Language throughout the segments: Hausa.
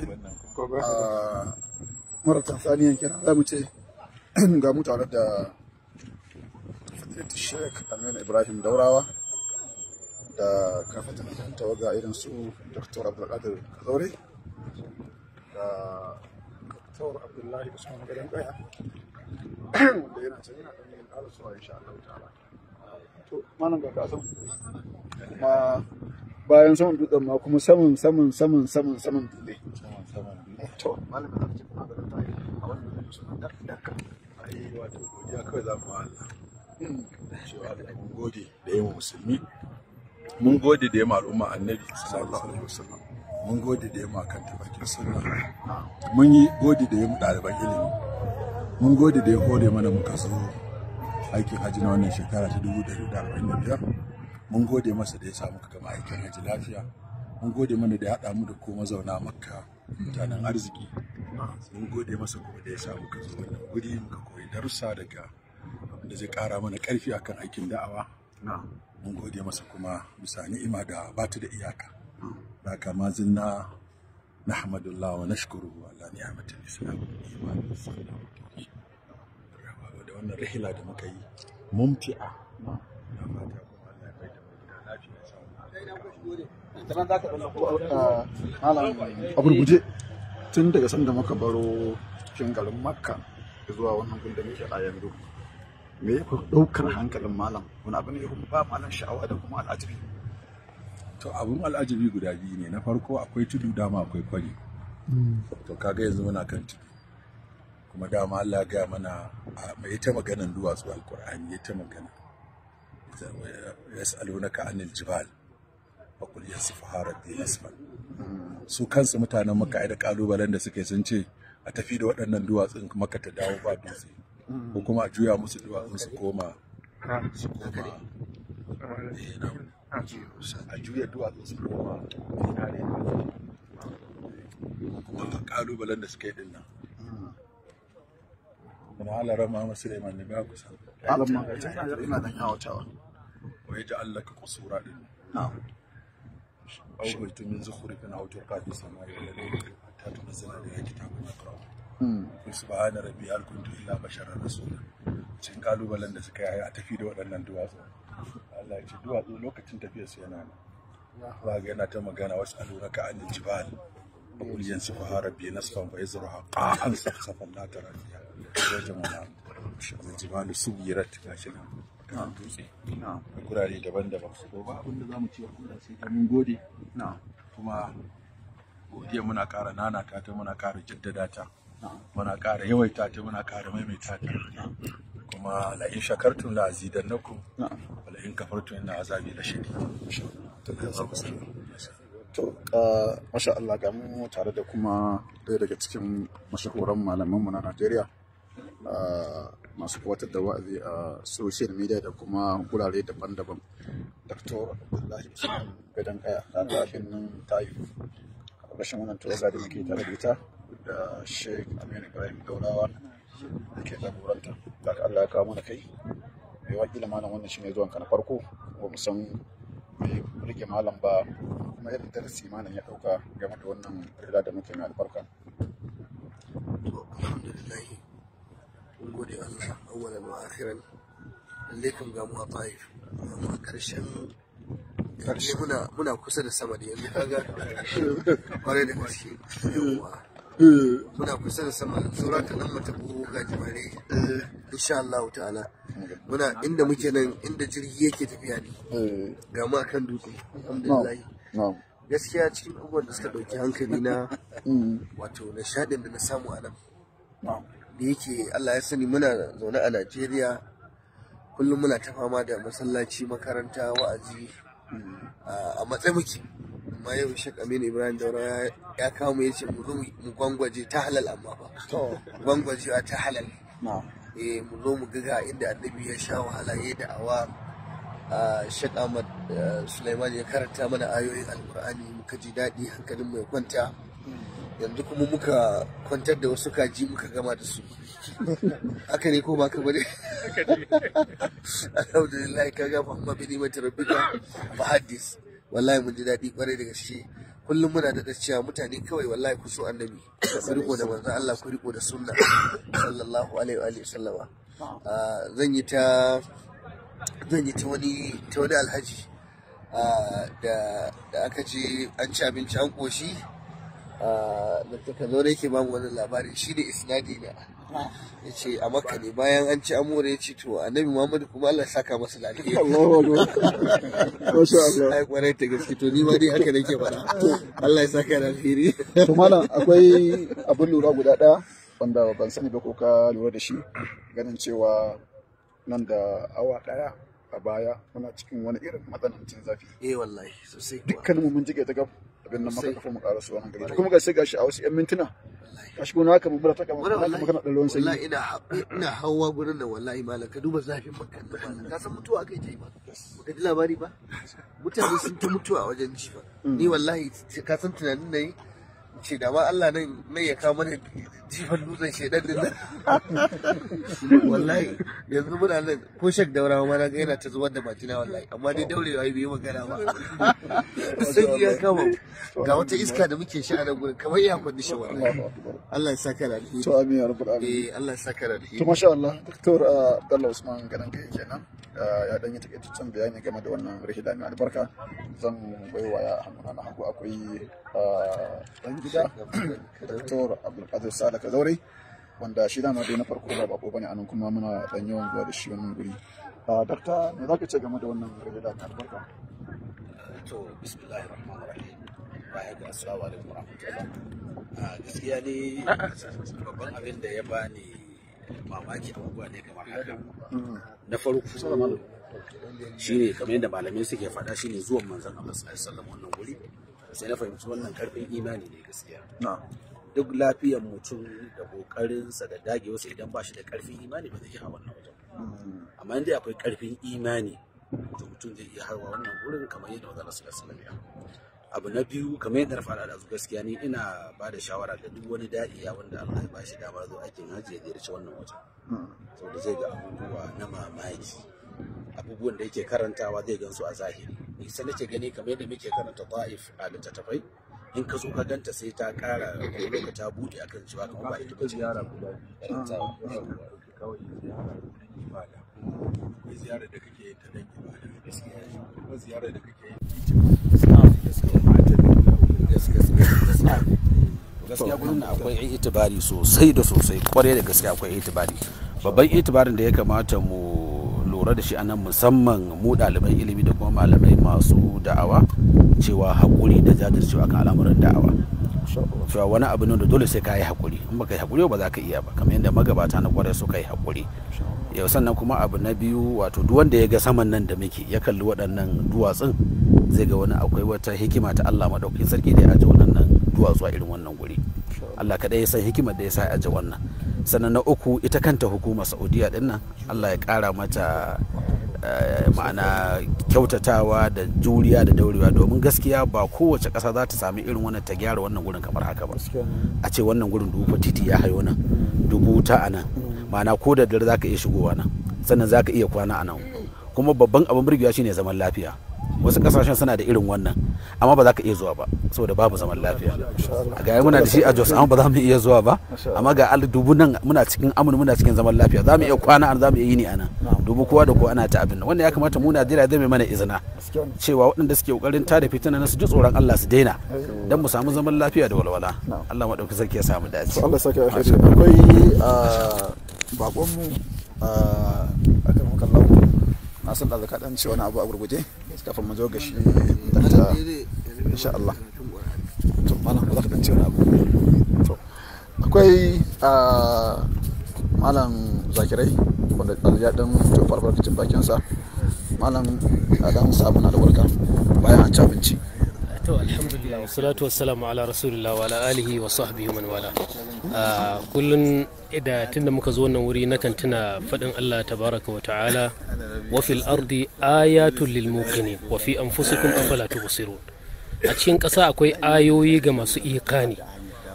a mara tanzaniyan kenan za mu ce ga mu da fadilat sheik aminu ibrahim daurawa da kafatan kan ga irin su dr abdulkadir kazaure da dr abdullahi usman gadon kaya wanda yana can yana ɗan yin alisuwa insha Allah ta'ala to malam ga kasan kuma bayan saman dutsen ma kuma saman saman saman saman saman dutse to malamin da ta yi a wannan da da daka ai wato godiya kawai za mu Allah cewa da mun gode da yawa musulmi mun gode da al'umma annabi sallallahu alaihi wasallam mun gode da kan tabakin sunna mun yi gode da yawa ɗaliban ilimi mun gode da ya hore mana muka zo aikin hajji na wannan shekara ta dubu ɗari da arba'in da biyar mun gode masa da ya samu ka gama aikin hajji lafiya mun gode mana da ya haɗa mu da ko mazauna makka mutanen arziki mun gode masa kuma da ya sa muka zo wannan guri muka koyi darussa daga da zai ƙara mana ƙarfi akan aikin da'awa mun gode masa kuma bisa ni'ima da ba ta da iyaka da kama zinna نحمد الله ونشكره على نعمة الإسلام والإيمان والصلاة da wannan rihila da muka yi mumti'a na fata kuma Allah ya bai da mu gida lafiya Eh, malam a tun daga sanda muka baro cikin garin makka zuwa wannan gunda muke a yanzu me ya daukar hankalin malam wani abu ne ya ba malam sha'awa da kuma al'ajabi to abun al'ajabi guda biyu ne na farko akwai tudu dama akwai kwari to kaga yanzu muna kan tudu kuma dama Allah ga mana mai ta maganan duwatsu alkur'ani ya ta magana yas'alunaka anil jibal su ya sifa harabbi asfal su kansu mutanen maka da kalubalen da suke sun ce a tafi da waɗannan duwatsun maka ta dawo ba dutse ko kuma a juya musu duwatsun su koma su koma eh, a juya duwatsun su koma kuma kalubalen da suke din nan kuma halara ma masu da ne ba kusa alamma ina da yawa tawa wai ji allaka kusura din na'am au mutum yanzu hurifin autor kafin samari da ne ta tuna zana da ya kitabu na kurawa hmm. kun su bahana rabi alkuntu illa basharar rasula cikin kalubalen da suka yi a tafi da waɗannan duwatsu Allah ya ce duwatsu lokacin tafiyar su yana nan ba ga yana ta magana wasu alura ka an jibal ba kuliyan su fahara biyu na sufan bai zuru haƙa an sa kafan na ta rafiya wajen wani abu jibalu su biyarar tafiya shi na da gurare daban-daban to ba abin da zamu ce wa mun gode kuma godiya muna ƙara nana ta muna ƙara jaddada ta muna ƙara yawaita ta muna ƙara maimaita ta kuma la shakartun shakartum la azidannakum wala in kafartum inna azabi la shadid to uh, masha Allah ga mu tare da kuma ɗaya daga cikin mashahuran malaman mu na Najeriya masu kwatar da wa'azi a social media da kuma gurare daban-daban dr abdullahi usman gadon kaya na tafin nan tayu rashin wannan tawaga da muke tare da ita da sheikh aminu ibrahim daurawa da ke jagoranta da allah ya kawo mana kai mai wakila malam wannan shine zuwanka na farko ko mu san mai rike malam ba kuma irin darasi malam ya dauka game da wannan rila da muke na albarka to alhamdulillah mun gode Allah wa akhiran ga mu a Taif amma karshen karshe muna muna kusa da sama da yanzu kaga da muna kusa da sama saura ka nan mata buru ga jimare insha Allah ta'ala muna inda muke nan inda jirgi yake tafiya ne ga mu akan dutse alhamdulillah gaskiya cikin abubuwan da suka ɗauki hankali na wato nishaɗin da na samu a nan da yake Allah ya sani muna zaune a Najeriya kullum muna ta fama da masallaci makaranta wa'azi a matsayi muke amma yau shek aminu ibrahim daura ya kawo mu yace mu zo mu gwangwaje ta halal amma ba gwangwaje ta halal eh mu zo mu ga inda annabi ya sha wahala yayi da'awa shek ahmad eh, suleiman ya karanta mana ayoyin alkur'ani mu kaji daɗi hankalin mu ya kwanta hmm. yanzu kuma muka kwantar da wasu kaji muka gama da su haka ne ko baka bane alhamdulillah ka ga fahimma bi ni'mati rabbika fa wallahi mun ji daɗi kwarai da gaske kullum muna da cewa mutane kawai wallahi ku so annabi ku riko da manzo Allah ku riko da sunna sallallahu alaihi wa alihi sallama ah, zan yi ta zan yi ta wani ta wani alhaji ah, da aka ce an ci abinci an koshi Uh, da taka zo ne ke ba mu wannan labarin shi ne isnadi ne ya ce a makka ne bayan an ci amura ya ce to annabi muhammadu kuma allah saka masa lafiya Allahu akbar ai kwarai ta gaske to ni ma dai haka nake fara allah ya saka alheri to malam akwai abin lura guda daya wanda ban sani ba ko ka lura da shi ganin cewa nan da awa daya a baya muna cikin wani irin matsanancin zafi eh wallahi sosai dukkan mu mun jike ta gaba abin nan maka kafa mu ƙara hankali to kuma ga sai gashi a wasu yan mintuna gashi gona haka bubura ta kama haka magana da ruwan sanyi wallahi ina ina hawa gurin da wallahi malam ka duba zafin makan da malam ka san mutuwa akai yi ba baka ji labari ba mutane sun ta mutuwa a wajen jifa. Mm. ni wallahi ka san tunanin na ce da ma Allah nan ya kawo mana jifan dutsen shaidan din nan wallahi yanzu muna nan ko shek daura ma na ga yana ta zubar da batina wallahi amma dai daurewa bai yi magana ba sai ya kama ga wata iska da muke sha a nan gurin kamar iya kwanni shi wallahi Allah ya saka da alheri to amin ya rabbul alamin eh Allah ya saka da alheri to masha Allah doktor ah, Bello Usman ganan kai kenan ya dan yi takaitaccen bayani game da wannan rihida mai albarka zan baiwa ya hannu na hagu akwai ah, nan gida Dr. Abdulkadir Sala Kazaure wanda shi dama dai na farko ba bako bane anan kuma muna dan yawan zuwa da shi wannan guri. a ah, Dakta me zaka ce game da wannan gari da albarka? To bismillahir rahmanir rahim. wa hayya assalamu alaikum wa rahmatullah a ah, gaskiya ne babban abin da ya bani mamaki abubuwa ne kamar haka. Na farko shi ne kamar yadda malamai suke faɗa shi ne zuwan manzon Allah sallallahu alaihi wasallam wannan guri. sai na fahimci wannan karfin imani ne gaskiya duk lafiyar mutum da kokarinsa da wasu idan ba shi da karfin imani ba zai iya wannan wajen mm. amma inda akwai karfin imani to mutum zai iya harwa wannan wurin kamar yadda wazana su lasu lafiya abu na biyu kamar yadda rafa faɗa da gaskiya ni ina ba da shawara ga duk wani da'iya wanda Allah ya ba shi dama zo aikin hajji ya ziyarci wannan wajen mm. saboda zai ga abubuwa na mamaki abubuwan da yake karantawa zai gansu a zahiri isa nake gani kamar yadda muke karanta ta'if a littattafai in ka zo ka ganta sai ta kara lokaci ta bude kan cewa kamar ba ita ba ziyara guda kawai ziyara ibada ziyara da kake yin ta dan ibada ziyara da kake gaskiya na akwai itibari sosai da sosai kwarai da gaskiya akwai itibari babban itibarin da ya kamata mu lura da shi a nan musamman mu ɗaliban ilimi da kuma malamai masu da'awa cewa haƙuri da jajircewa kan al'amuran da'awa cewa wani abu ne da dole sai ka yi haƙuri in baka yi haƙuri ba za ka iya ba kamar yadda magabata na kwarai suka yi haƙuri yau sannan kuma abu na biyu wato duk wanda ya ga saman nan da muke ya kalli waɗannan duwatsun zai ga wani akwai wata hikima ta Allah madaukakin sarki da ya aje wannan duwatsu a irin wannan guri Allah kaɗai ya san hikimar da ya sa ya aje wannan sannan na uku ita kanta hukumar saudiya din nan allah ya kara mata eh, ma'ana kyautatawa da juriya da daurewa domin gaskiya ba kowace ƙasa za ta sami irin wannan ta gyara wannan gurin kamar haka ba a ce wannan gurin dubu titi ya hayo nan dubu ta a nan ma'ana ko da dare za ka iya shigowa nan sannan za ka iya kwana a nan kuma babban abin burgewa shine zaman lafiya wasu kasashen suna da irin wannan amma ba za ka iya zuwa ba saboda babu zaman lafiya ga muna da shi a Jos amma ba za mu iya zuwa ba amma ga al dubu nan muna cikin amun muna cikin zaman lafiya za mu iya kwana an za mu iya yini ana dubu kowa da kowa ana ta abin wannan ya kamata mu Najeriya zai mai mana izina cewa waɗanda suke kokarin tada fitina na su ji tsoron Allah su daina dan mu samu zaman lafiya da walwala Allah madauki sarki ya samu dace Allah akwai ah, bakon mu a ah, kan kallon na san da zaka dan ce abu a gurguje kafin mu zo ga shi dakta insha Allah to malam ba za ka dan ce wani abu to akwai malam zakirai wanda ya dan to farfarkacin bakin sa malam adam sabuna da walka bayan an ci abinci to alhamdulillah wassalatu wassalamu ala rasulillah wa ala alihi wa sahbihi man wala kullun da tunda muka zo wannan wuri nakan tuna fadin Allah tabaraka wa ta'ala wa fil ardi ayatul lil wafi an fi anfusikum afala a cikin ƙasa akwai ayoyi ga masu ikani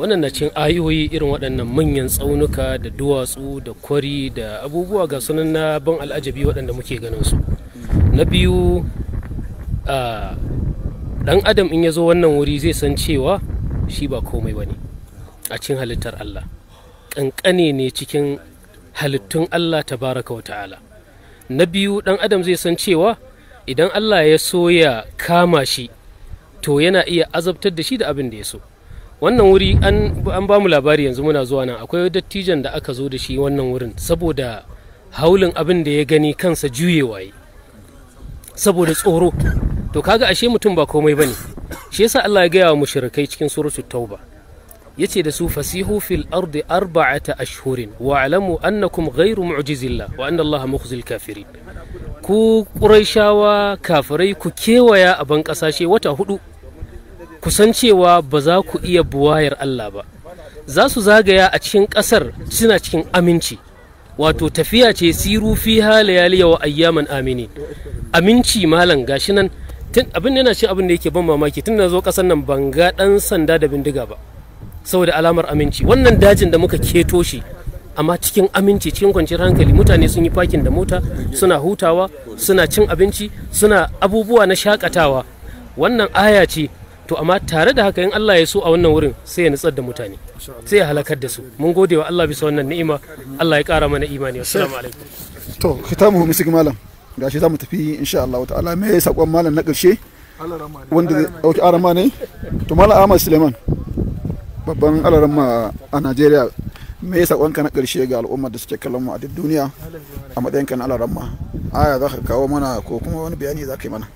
wannan na cikin ayoyi irin waɗannan manyan tsaunuka da duwatsu da kwari da abubuwa ga sunan na ban al'ajabi waɗanda muke ganin su na biyu a ɗan adam in ya zo wannan wuri zai san cewa shi ba komai ba ne a cikin halittar allah ƙanƙane ne cikin halittun allah tabaraka wa ta'ala na biyu ɗan adam zai san cewa idan allah ya so ya kama shi to yana iya azabtar da shi da abin da ya so wannan wuri an ba mu labari yanzu muna zuwa nan akwai dattijan da aka zo da shi wannan wurin saboda haulin abin da ya gani kansa juyewa yi saboda tsoro to kaga ashe mutum ba komai ba ne shi yasa Allah ya gaya wa mushirikai cikin suratul tauba yace da su fasihu fil ardi arba'ata ashhurin wa alamu annakum ghairu mu'jizillah wa anna allaha mukhzil kafirin ku quraishawa kafirai ku kewaya a ban kasashe wata hudu ku san cewa ba za ku iya buwayar Allah ba za su zagaya a cikin kasar suna cikin aminci wato tafiya ce siru fi halayaliya wa ayyaman amini aminci malam gashi nan abin yana cin abin da yake ban mamaki tun da zo kasar nan ban ga dan sanda da bindiga ba saboda alamar aminci wannan dajin da muka keto shi amma cikin aminci cikin kwanciyar hankali mutane sun yi fakin da mota suna hutawa suna cin abinci suna abubuwa na shakatawa wannan aya ce to amma tare da haka in Allah ya so a wannan wurin sai ya nutsar da mutane sai ya halakar da su mun gode wa Allah bisa wannan ni'ima Allah ya kara mana imani assalamu alaikum to kitabu sigi malam gashi zamu tafi insha Allah ta'ala me sakon malam na karshe wanda ok arama ne to malam Ahmad Suleiman babban alaramma a najeriya me ya sakonka na karshe ga al'ummar da suke kallon mu a duk duniya a ka na alaramma aya za ka kawo mana ko kuma wani bayani za ka yi mana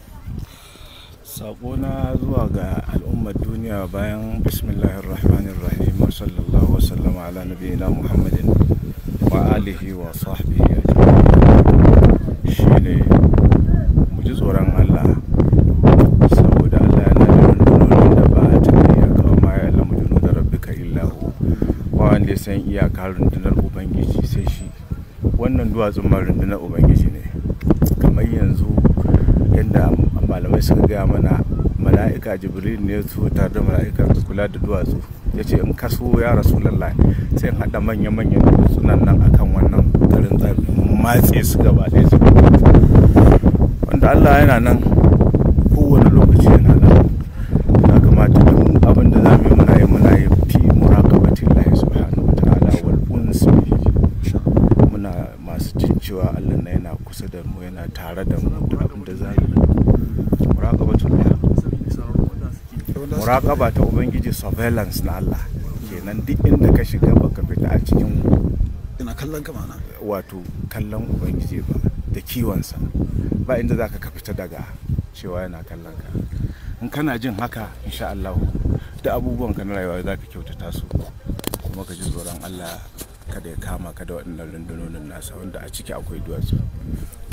saƙona zuwa ga al'ummar duniya bayan bismillahir rahmanir rahim wa sallallahu wa sallama ala nabiyina muhammadin wa alihi wa sahbihi shine mu ji tsoron Allah wanda ya san iyaka rundunar ubangiji sai shi wannan duwatsun ma rundunar ubangiji ne kamar yanzu yadda malamai suka gaya mana mala'ika jibril ne su tare da mala'ika kula da duwatsu ya ce in kaso ya rasu lallai sai in haɗa manya-manyan sunan nan akan wannan tarin matse su gaba ɗaya wanda allah yana nan kusa da mu yana tare da mu duk abin da za yi muraƙaba ta ubangiji surveillance na Allah kenan duk inda ka shiga baka fita a cikin ina kallon ka mana wato kallon ubangiji ba da kiwonsa ba inda zaka ka fita daga cewa yana kallon ka in kana jin haka insha Allah da abubuwan ka na rayuwa za ka kyautata su kuma ka ji tsoron Allah kada ya kama ka da waɗannan rundunonin nasa wanda a ciki akwai duwatsu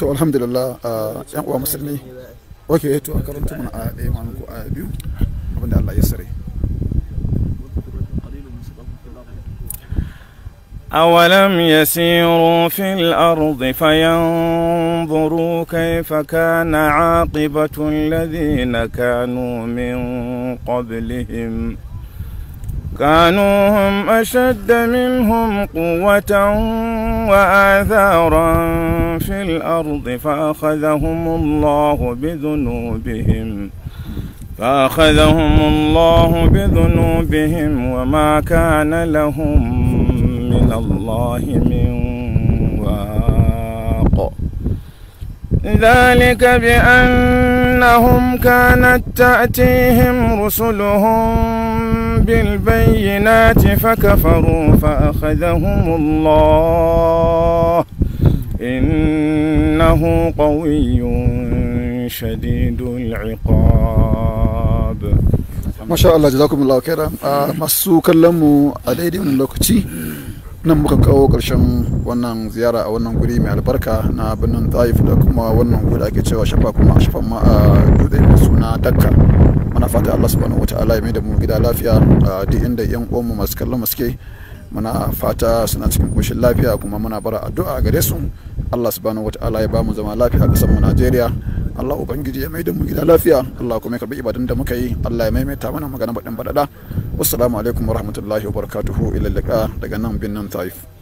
to alhamdulillah yan uwa musulmi ok to a karanta mana a ɗaya ma muku a biyu abinda Allah ya sare أولم يسيروا في الأرض فينظروا كيف كان عاقبة الذين كانوا من قبلهم ؟ كانوا هم أشد منهم قوة وآثارا في الأرض فأخذهم الله بذنوبهم فأخذهم الله بذنوبهم وما كان لهم من الله من ذلك بأنهم كانت تأتيهم رسلهم بالبينات فكفروا فأخذهم الله إنه قوي شديد العقاب ما شاء الله جزاكم الله خيرا masu kallon mu a من wani nan muka kawo karshen wannan ziyara a wannan guri mai albarka na birnin taif da kuma wannan guri ake cewa shafa kuma shafan ma a dutse mai suna dakka muna fata allah subhanahu wa ta'ala ya mai da mu gida lafiya a duk inda yan uwanmu masu kallon suke muna fata suna cikin koshin lafiya kuma muna bara addu'a gare su allah subhanahu wa ta'ala ya ba mu zama lafiya a mu najeriya allah ubangiji ya mai da mu gida lafiya allah kuma ya karbi ibadan da muka yi allah ya maimaita mana magana baɗin baɗaɗa wasu alaikum warahmatullahi wabarakatuhu ila daga nan binnan taif